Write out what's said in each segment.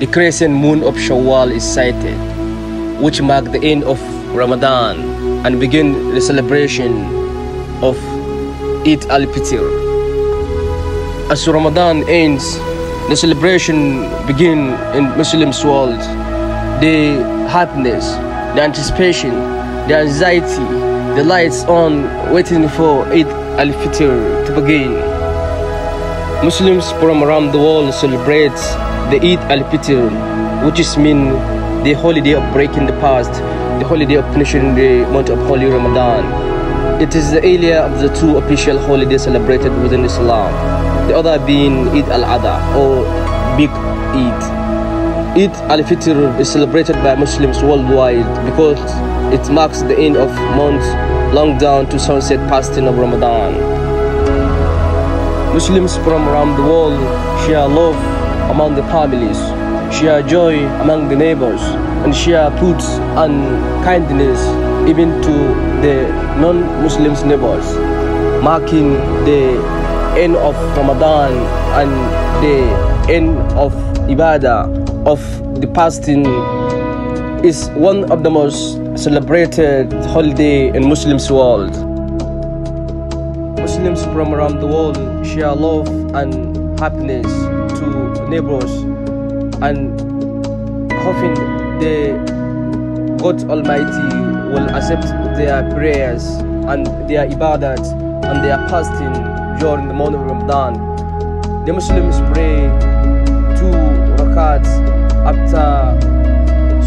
the crescent moon of Shawwal is sighted, which marked the end of Ramadan and begin the celebration of Eid al-Fitr. As Ramadan ends, the celebration begin in Muslims' world. The happiness, the anticipation, the anxiety, the lights on waiting for Eid al-Fitr to begin. Muslims from around the world celebrate the Eid al-Fitr, which is mean the holiday of breaking the past, the holiday of finishing the month of Holy Ramadan. It is the earlier of the two official holidays celebrated within Islam, the other being Eid al-Adha or Big Eid. Eid al-Fitr is celebrated by Muslims worldwide because it marks the end of month long down to sunset fasting of Ramadan. Muslims from around the world share love among the families, share joy among the neighbors, and share foods and kindness even to the non-Muslims neighbors, marking the end of Ramadan and the end of Ibadah of the fasting is one of the most celebrated holiday in Muslims world. Muslims from around the world share love and happiness neighbors and hoping the God Almighty will accept their prayers and their ibadat and their fasting during the month of Ramadan. The Muslims pray two rakats after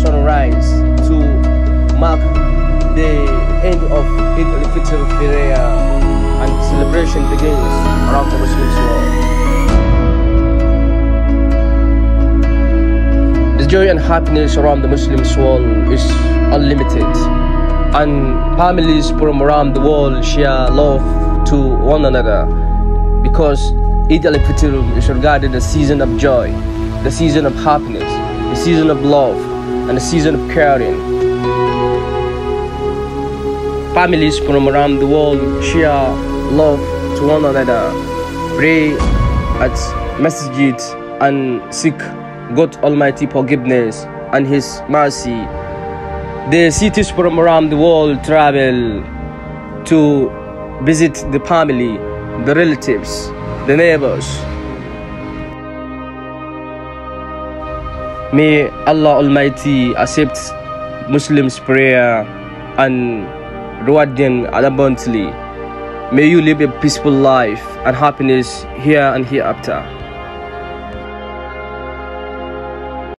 sunrise to mark the end of Eid al-Fitr prayer and celebration begins around the Muslims world. joy and happiness around the Muslim world is unlimited, and families from around the world share love to one another because Eid al Fitr is regarded as a season of joy, the season of happiness, the season of love, and the season of caring. Families from around the world share love to one another, pray at masjid and seek God's almighty forgiveness and His mercy. The cities from around the world travel to visit the family, the relatives, the neighbors. May Allah Almighty accept Muslims' prayer and reward them abundantly. May you live a peaceful life and happiness here and hereafter.